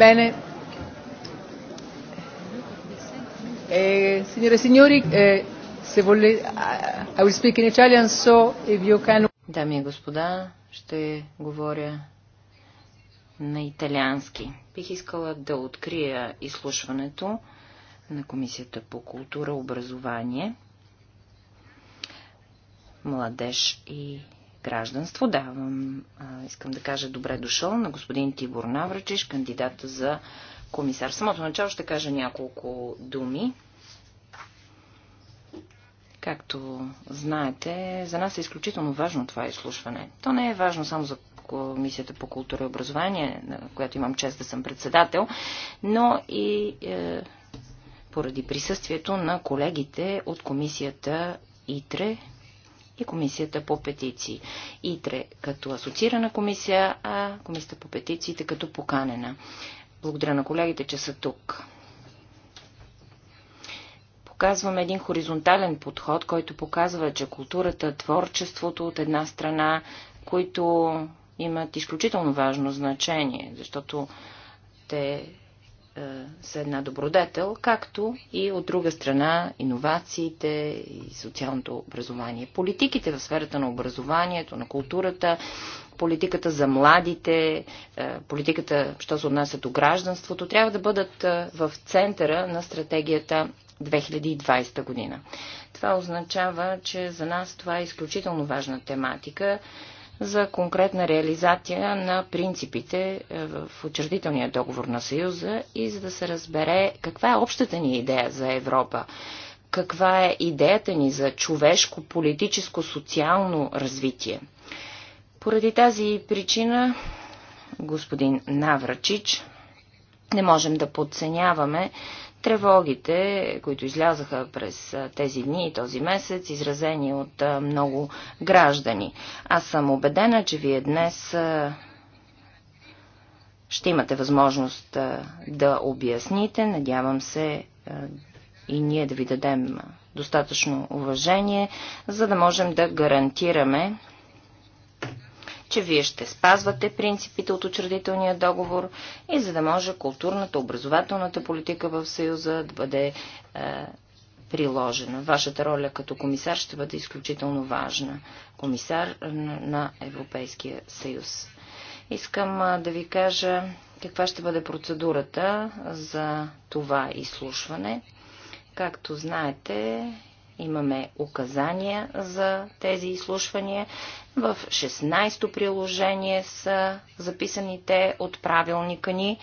Bene. Eh, signore e signori, eh, se uh, I will speak in Italian, so if you can... Дами и господа, ще говоря на италиански. Бих искала да открия изслушването на Комисията по култура, образование, младеж и гражданство. Давам, а, искам да кажа добре дошъл на господин Тибор Навръчиш, кандидата за комисар. В самото начало ще кажа няколко думи. Както знаете, за нас е изключително важно това изслушване. То не е важно само за Комисията по култура и образование, на която имам чест да съм председател, но и е, поради присъствието на колегите от Комисията ИТРЕ, и Комисията по петиции. ИТРЕ като асоциирана комисия, а Комисията по петициите като поканена. Благодаря на колегите, че са тук. Показваме един хоризонтален подход, който показва, че културата, творчеството от една страна, които имат изключително важно значение, защото те е, са една добродетел, както и от друга страна иновациите и социалното образование. Политиките в сферата на образованието, на културата, политиката за младите, е, политиката, що се отнася до гражданството, трябва да бъдат е, в центъра на стратегията 2020 година. Това означава, че за нас това е изключително важна тематика за конкретна реализация на принципите е, в учредителния договор на Съюза и за да се разбере каква е общата ни идея за Европа, каква е идеята ни за човешко, политическо, социално развитие. Поради тази причина, господин Наврачич, не можем да подценяваме Тревогите, които излязаха през тези дни и този месец, изразени от много граждани. Аз съм убедена, че вие днес ще имате възможност да обясните. Надявам се и ние да ви дадем достатъчно уважение, за да можем да гарантираме че вие ще спазвате принципите от учредителния договор и за да може културната, образователната политика в Съюза да бъде е, приложена. Вашата роля като комисар ще бъде изключително важна. Комисар на Европейския съюз. Искам е, да ви кажа каква ще бъде процедурата за това изслушване. Както знаете, Имаме указания за тези изслушвания. В 16-то приложение са записаните от правилника ни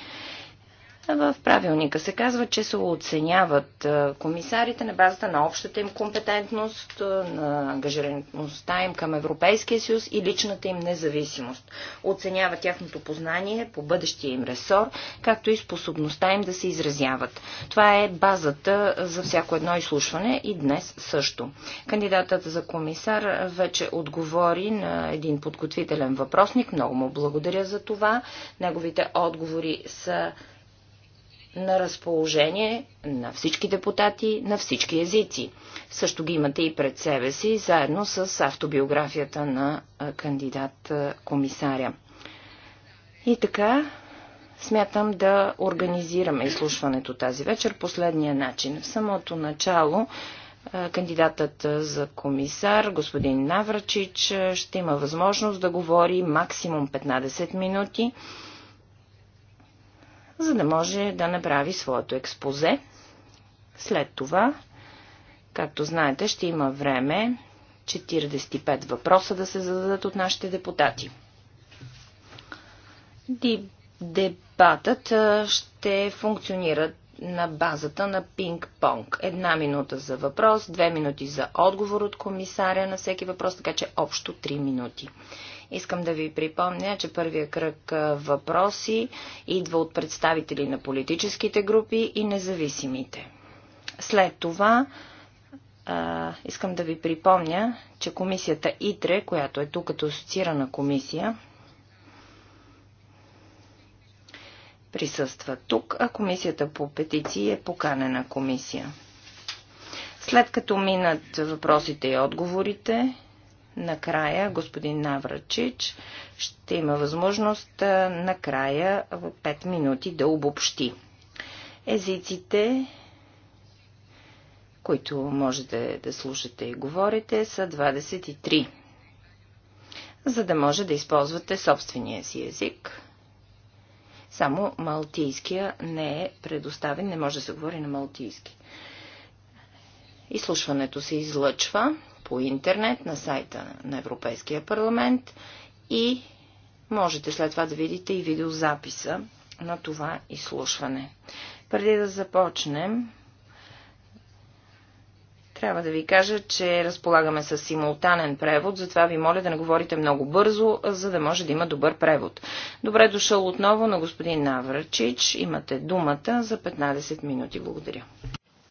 в правилника се казва, че се оценяват комисарите на базата на общата им компетентност, на ангажираността им към Европейския съюз и личната им независимост. Оценява тяхното познание по бъдещия им ресор, както и способността им да се изразяват. Това е базата за всяко едно изслушване и днес също. Кандидатът за комисар вече отговори на един подготвителен въпросник. Много му благодаря за това. Неговите отговори са на разположение на всички депутати, на всички езици. Също ги имате и пред себе си, заедно с автобиографията на кандидат-комисаря. И така, смятам да организираме изслушването тази вечер последния начин. В самото начало кандидатът за комисар, господин Наврачич, ще има възможност да говори максимум 15 минути за да може да направи своето експозе. След това, както знаете, ще има време 45 въпроса да се зададат от нашите депутати. Дебатът ще функционира на базата на пинг-понг. Една минута за въпрос, две минути за отговор от комисаря на всеки въпрос, така че общо три минути. Искам да ви припомня, че първия кръг въпроси идва от представители на политическите групи и независимите. След това а, искам да ви припомня, че комисията ИТРЕ, която е тук като асоциирана комисия, присъства тук, а комисията по петиции е поканена комисия. След като минат въпросите и отговорите, накрая господин Наврачич ще има възможност накрая в 5 минути да обобщи. Езиците, които можете да слушате и говорите, са 23, за да може да използвате собствения си език. Само малтийския не е предоставен, не може да се говори на малтийски. Изслушването се излъчва по интернет на сайта на Европейския парламент и можете след това да видите и видеозаписа на това изслушване. Преди да започнем, трябва да ви кажа, че разполагаме с симултанен превод, затова ви моля да не говорите много бързо, за да може да има добър превод. Добре дошъл отново на господин Наврачич. Имате думата за 15 минути. Благодаря.